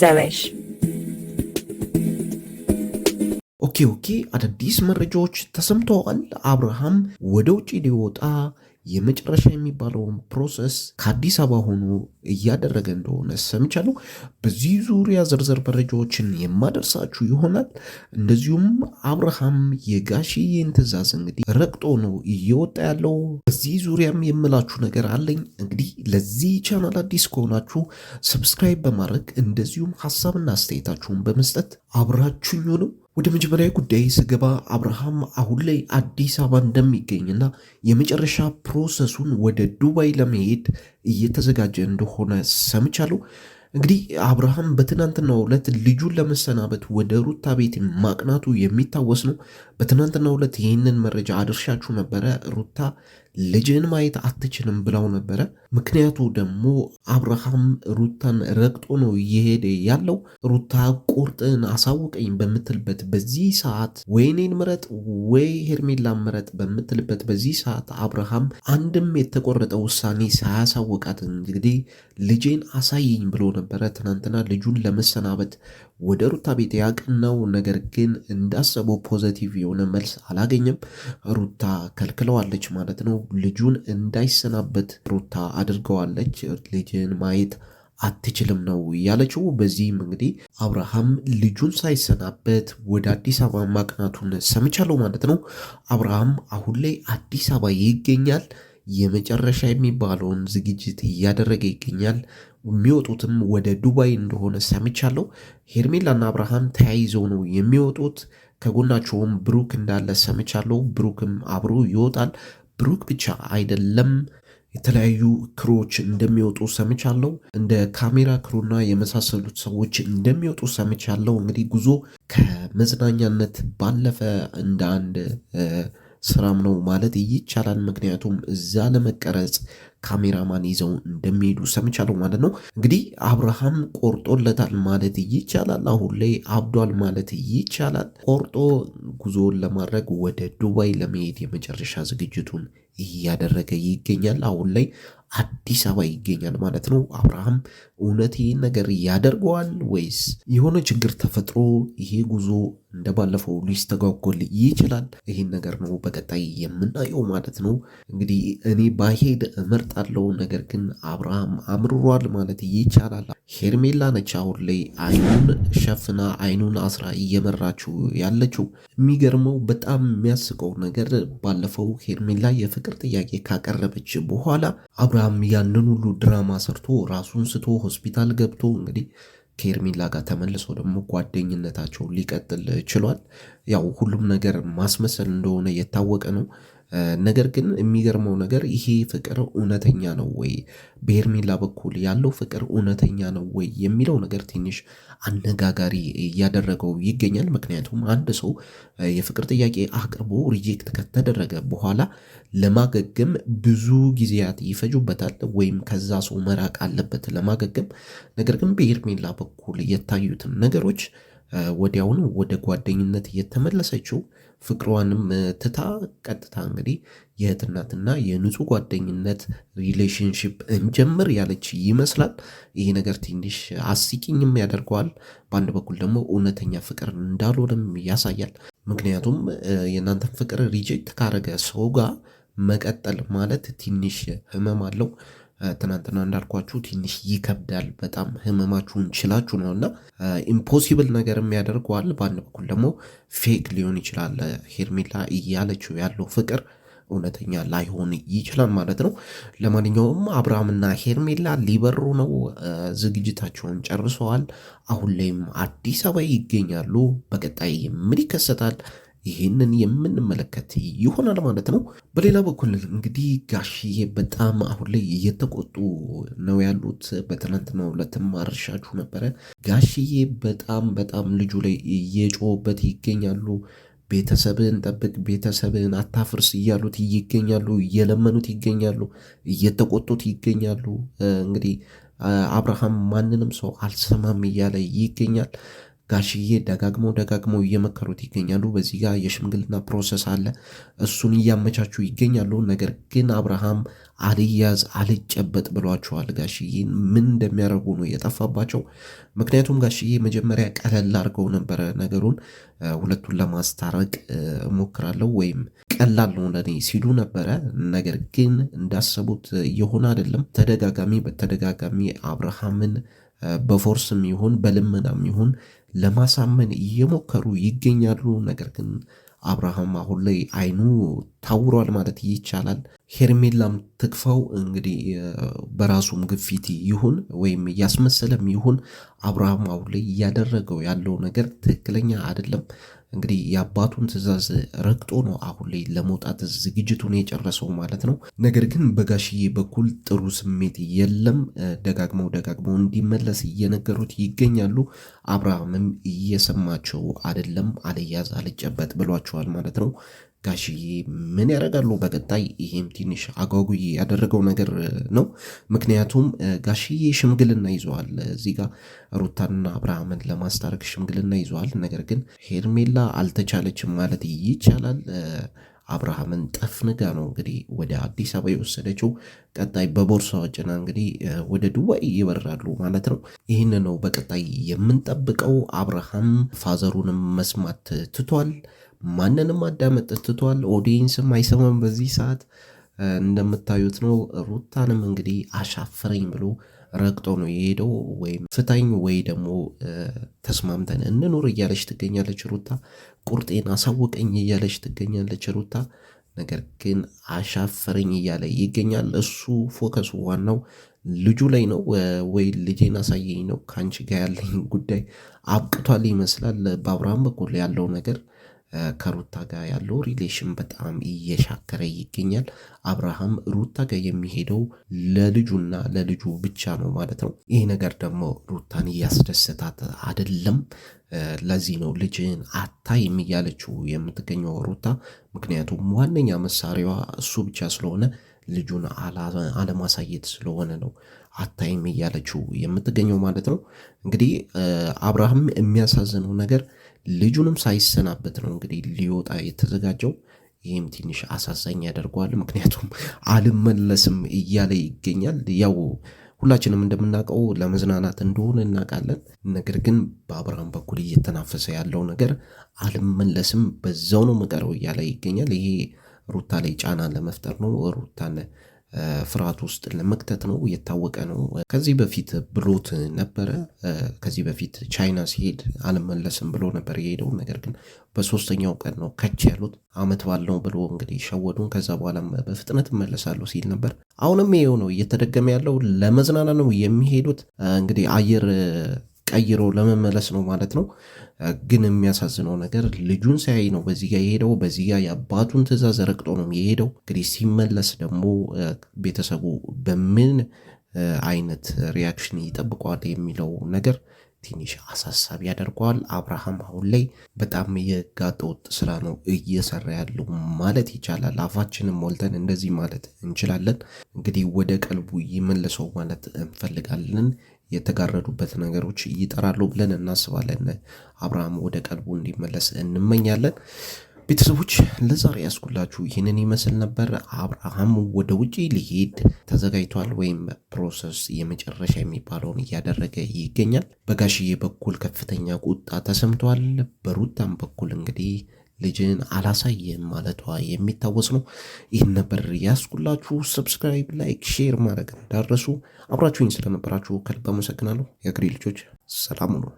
ዘመሽ ኦኬ ኦኬ፣ አዳዲስ መረጃዎች ተሰምተዋል። አብርሃም ወደ ውጭ ሊወጣ የመጨረሻ የሚባለውን ፕሮሰስ ከአዲስ አበባ ሆኖ እያደረገ እንደሆነ ሰምቻለሁ። በዚህ ዙሪያ ዝርዝር መረጃዎችን የማደርሳችሁ ይሆናል። እንደዚሁም አብርሃም የጋሽዬን ትዕዛዝ እንግዲህ ረግጦ ነው እየወጣ ያለው። በዚህ ዙሪያም የምላችሁ ነገር አለኝ። እንግዲህ ለዚህ ቻናል አዲስ ከሆናችሁ ሰብስክራይብ በማድረግ እንደዚሁም ሀሳብና አስተያየታችሁን በመስጠት አብራችኝ ነው ወደ መጀመሪያ ጉዳይ ስገባ አብርሃም አሁን ላይ አዲስ አበባ እንደሚገኝና የመጨረሻ ፕሮሰሱን ወደ ዱባይ ለመሄድ እየተዘጋጀ እንደሆነ ሰምቻለሁ። እንግዲህ አብርሃም በትናንትናው ዕለት ልጁን ለመሰናበት ወደ ሩታ ቤት ማቅናቱ የሚታወስ ነው። በትናንትናው ዕለት ይህንን መረጃ አድርሻችሁ ነበረ። ሩታ ልጅን ማየት አትችልም ብለው ነበረ። ምክንያቱ ደግሞ አብርሃም ሩታን ረግጦ ነው እየሄደ ያለው። ሩታ ቁርጥን አሳውቀኝ በምትልበት በዚህ ሰዓት ወይኔን ምረጥ ወይ ሄርሜላ ምረጥ በምትልበት በዚህ ሰዓት አብርሃም አንድም የተቆረጠ ውሳኔ ሳያሳውቃት እንግዲህ ልጄን አሳይኝ ብሎ ነበረ። ትናንትና ልጁን ለመሰናበት ወደ ሩታ ቤት ያቀናው፣ ነገር ግን እንዳሰበው ፖዘቲቭ የሆነ መልስ አላገኘም። ሩታ ከልክለዋለች ማለት ነው። ልጁን እንዳይሰናበት ሩታ አድርገዋለች። ልጅን ማየት አትችልም ነው ያለችው። በዚህም እንግዲህ አብርሃም ልጁን ሳይሰናበት ወደ አዲስ አበባ ማቅናቱን ሰምቻለሁ ማለት ነው። አብርሃም አሁን ላይ አዲስ አበባ ይገኛል። የመጨረሻ የሚባለውን ዝግጅት እያደረገ ይገኛል። የሚወጡትም ወደ ዱባይ እንደሆነ ሰምቻለሁ። ሄርሜላና አብርሃም ተያይዘው ነው የሚወጡት። ከጎናቸውም ብሩክ እንዳለ ሰምቻለሁ። ብሩክም አብሮ ይወጣል። ብሩክ ብቻ አይደለም የተለያዩ ክሮች እንደሚወጡ ሰምቻለሁ። እንደ ካሜራ ክሩና የመሳሰሉት ሰዎች እንደሚወጡ ሰምቻለሁ። እንግዲህ ጉዞ ከመዝናኛነት ባለፈ እንደ አንድ ስራም ነው ማለት ይቻላል። ምክንያቱም እዛ ለመቀረጽ ካሜራማን ይዘው እንደሚሄዱ ሰምቻለሁ ማለት ነው። እንግዲህ አብርሃም ቆርጦለታል ማለት ይቻላል። አሁን ላይ አብዷል ማለት ይቻላል። ቆርጦ ጉዞውን ለማድረግ ወደ ዱባይ ለመሄድ የመጨረሻ ዝግጅቱን እያደረገ ይገኛል። አሁን ላይ አዲስ አበባ ይገኛል ማለት ነው። አብርሃም እውነት ይህን ነገር ያደርገዋል ወይስ የሆነ ችግር ተፈጥሮ ይሄ ጉዞ እንደባለፈው ሊስተጓጎል ይችላል? ይህን ነገር ነው በቀጣይ የምናየው ማለት ነው። እንግዲህ እኔ ባሄድ እመርጣለሁ፣ ነገር ግን አብርሃም አምርሯል ማለት ይቻላል። ሄርሜላ ነች አሁን ላይ አይኑን ሸፍና አይኑን አስራ እየመራችው ያለችው። የሚገርመው በጣም የሚያስቀው ነገር ባለፈው ሄርሜላ የፍቅር ጥያቄ ካቀረበች በኋላ አብርሃም ድራም ያንን ሁሉ ድራማ ሰርቶ ራሱን ስቶ ሆስፒታል ገብቶ እንግዲህ ከኤርሚላ ጋር ተመልሶ ደግሞ ጓደኝነታቸው ሊቀጥል ችሏል። ያው ሁሉም ነገር ማስመሰል እንደሆነ የታወቀ ነው። ነገር ግን የሚገርመው ነገር ይሄ ፍቅር እውነተኛ ነው ወይ፣ በሄርሜላ በኩል ያለው ፍቅር እውነተኛ ነው ወይ የሚለው ነገር ትንሽ አነጋጋሪ እያደረገው ይገኛል። ምክንያቱም አንድ ሰው የፍቅር ጥያቄ አቅርቦ ሪጀክት ከተደረገ በኋላ ለማገገም ብዙ ጊዜያት ይፈጁበታል፣ ወይም ከዛ ሰው መራቅ አለበት ለማገገም። ነገር ግን በሄርሜላ በኩል የታዩትን ነገሮች ወዲያውኑ ወደ ጓደኝነት የተመለሰችው ፍቅሯንም ትታ ቀጥታ እንግዲህ የእህትናትና የንጹህ ጓደኝነት ሪሌሽንሽፕ እንጀምር ያለች ይመስላል። ይሄ ነገር ትንሽ አስቂኝም ያደርገዋል፣ በአንድ በኩል ደግሞ እውነተኛ ፍቅር እንዳልሆነም ያሳያል። ምክንያቱም የእናንተን ፍቅር ሪጀክት ካረገ ሰው ጋር መቀጠል ማለት ትንሽ ህመም አለው። ትናንትና እንዳልኳችሁ ትንሽ ይከብዳል። በጣም ህመማችሁን ችላችሁ ነው እና ኢምፖሲብል ነገርም ያደርገዋል። በአንድ በኩል ደግሞ ፌክ ሊሆን ይችላል። ሄርሜላ እያለችው ያለው ፍቅር እውነተኛ ላይሆን ይችላል ማለት ነው። ለማንኛውም አብርሃምና ሄርሜላ ሊበሩ ነው፣ ዝግጅታቸውን ጨርሰዋል። አሁን ላይም አዲስ አበባ ይገኛሉ። በቀጣይ ምን ይከሰታል? ይህንን የምንመለከት ይሆናል ማለት ነው። በሌላ በኩል እንግዲህ ጋሽዬ በጣም አሁን ላይ እየተቆጡ ነው ያሉት። በትናንትናው ዕለትም አርሻችሁ ነበረ። ጋሽዬ በጣም በጣም ልጁ ላይ እየጮሁበት ይገኛሉ። ቤተሰብን ጠብቅ፣ ቤተሰብን አታፍርስ እያሉት ይገኛሉ። እየለመኑት ይገኛሉ። እየተቆጡት ይገኛሉ። እንግዲህ አብርሃም ማንንም ሰው አልሰማም እያለ ይገኛል። ጋሽዬ ደጋግመው ደጋግመው እየመከሩት ይገኛሉ። በዚህ ጋር የሽምግልና ፕሮሰስ አለ፣ እሱን እያመቻቹ ይገኛሉ። ነገር ግን አብርሃም አልያዝ አልጨበጥ ብሏቸዋል። ጋሽዬ ምን እንደሚያደርጉ ነው የጠፋባቸው። ምክንያቱም ጋሽዬ መጀመሪያ ቀለል አድርገው ነበረ ነገሩን፣ ሁለቱን ለማስታረቅ እሞክራለሁ ወይም ቀላል ነው ለኔ ሲሉ ነበረ። ነገር ግን እንዳሰቡት የሆነ አይደለም። ተደጋጋሚ በተደጋጋሚ አብርሃምን በፎርስም ይሁን በልመናም ይሁን ለማሳመን እየሞከሩ ይገኛሉ። ነገር ግን አብርሃም አሁን ላይ አይኑ ታውሯል ማለት ይቻላል። ሄርሜላም ትክፋው እንግዲህ በራሱም ግፊት ይሁን ወይም እያስመሰለም ይሁን አብርሃም አሁን ላይ እያደረገው ያለው ነገር ትክክለኛ አይደለም። እንግዲህ የአባቱን ትዕዛዝ ረግጦ ነው አሁን ላይ ለመውጣት ዝግጅቱን የጨረሰው ማለት ነው። ነገር ግን በጋሽዬ በኩል ጥሩ ስሜት የለም። ደጋግመው ደጋግመው እንዲመለስ እየነገሩት ይገኛሉ። አብርሃምም እየሰማቸው አይደለም። አልያዝ አልጨበጥ ብሏቸዋል ማለት ነው። ጋሽዬ ምን ያደርጋሉ በቀጣይ? ይሄም ትንሽ አጓጉ ያደረገው ነገር ነው። ምክንያቱም ጋሽዬ ሽምግልና ይዘዋል። እዚህ ጋር ሩታንና አብርሃምን ለማስታረቅ ሽምግልና ይዘዋል። ነገር ግን ሄርሜላ አልተቻለችም ማለት ይቻላል። አብርሃምን ጠፍንጋ ነው እንግዲህ ወደ አዲስ አበባ የወሰደችው። ቀጣይ በቦርሳዋ ጭና እንግዲህ ወደ ዱባይ ይበራሉ ማለት ነው። ይህን ነው በቀጣይ የምንጠብቀው። አብርሃም ፋዘሩንም መስማት ትቷል። ማንንም አዳመጥ ትቷል። ኦዲየንስም አይሰማም በዚህ ሰዓት እንደምታዩት ነው። ሩታንም እንግዲህ አሻፈረኝ ብሎ ረግጦ ነው የሄደው። ወይም ፍታኝ ወይ ደግሞ ተስማምተን እንኑር እያለች ትገኛለች ሩታ። ቁርጤን አሳወቀኝ እያለች ትገኛለች ሩታ። ነገር ግን አሻፍረኝ እያለ ይገኛል። እሱ ፎከሱ ዋናው ልጁ ላይ ነው። ወይ ልጄን አሳየኝ ነው። ከአንቺ ጋር ያለኝ ጉዳይ አብቅቷል ይመስላል። በአብርሃም በኩል ያለው ነገር ከሩታ ጋር ያለው ሪሌሽን በጣም እየሻከረ ይገኛል። አብርሃም ሩታ ጋር የሚሄደው ለልጁና ለልጁ ብቻ ነው ማለት ነው። ይህ ነገር ደግሞ ሩታን እያስደሰታት አይደለም። ለዚህ ነው ልጅን አታይም እያለችው የምትገኘው ሩታ። ምክንያቱም ዋነኛ መሳሪያዋ እሱ ብቻ ስለሆነ ልጁን አለማሳየት ስለሆነ ነው አታይም እያለችው የምትገኘው ማለት ነው። እንግዲህ አብርሃም የሚያሳዝነው ነገር ልጁንም ሳይሰናበት ነው እንግዲህ ሊወጣ የተዘጋጀው። ይህም ትንሽ አሳዛኝ ያደርገዋል። ምክንያቱም አልመለስም እያለ ይገኛል። ያው ሁላችንም እንደምናውቀው ለመዝናናት እንደሆነ እናውቃለን። ነገር ግን በአብርሃም በኩል እየተናፈሰ ያለው ነገር አልመለስም፣ በዛው ነው መቀረው እያለ ይገኛል። ይሄ ሩታ ላይ ጫና ለመፍጠር ነው ሩታን ፍርሃት ውስጥ ለመክተት ነው። የታወቀ ነው። ከዚህ በፊት ብሎት ነበረ። ከዚህ በፊት ቻይና ሲሄድ አልመለስም ብሎ ነበር የሄደው። ነገር ግን በሶስተኛው ቀን ነው ከች ያሉት። አመት ባለው ብሎ እንግዲህ ሸወዱን። ከዛ በኋላ በፍጥነት መለሳለሁ ሲል ነበር። አሁንም ይሄው ነው እየተደገመ ያለው። ለመዝናና ነው የሚሄዱት። እንግዲህ አየር ቀይሮ ለመመለስ ነው ማለት ነው። ግን የሚያሳዝነው ነገር ልጁን ሳያይ ነው በዚህ ጋ የሄደው። በዚህ ጋ የአባቱን ትዕዛዝ ረግጦ ነው የሄደው። እንግዲህ ሲመለስ ደግሞ ቤተሰቡ በምን አይነት ሪያክሽን ይጠብቀዋል የሚለው ነገር ትንሽ አሳሳቢ ያደርገዋል። አብርሃም አሁን ላይ በጣም የጋጠወጥ ስራ ነው እየሰራ ያለው ማለት ይቻላል። አፋችንም ሞልተን እንደዚህ ማለት እንችላለን። እንግዲህ ወደ ቀልቡ ይመልሰው ማለት እንፈልጋለን። የተጋረዱበት ነገሮች ይጠራሉ ብለን እናስባለን። አብርሃም ወደ ቀልቡ እንዲመለስ እንመኛለን። ቤተሰቦች ለዛሬ ያስኩላችሁ ይህንን ይመስል ነበር። አብርሃም ወደ ውጪ ሊሄድ ተዘጋጅቷል፣ ወይም ፕሮሰስ የመጨረሻ የሚባለውን እያደረገ ይገኛል። በጋሽዬ በኩል ከፍተኛ ቁጣ ተሰምቷል። በሩታም በኩል እንግዲህ ልጅን አላሳየም ማለቷ የሚታወስ ነው። ይህን ነበር ያስኩላችሁ። ሰብስክራይብ፣ ላይክ፣ ሼር ማድረግ እንዳረሱ። አብራችሁኝ ስለነበራችሁ ከልብ አመሰግናለሁ። የአገሬ ልጆች ሰላም ነው።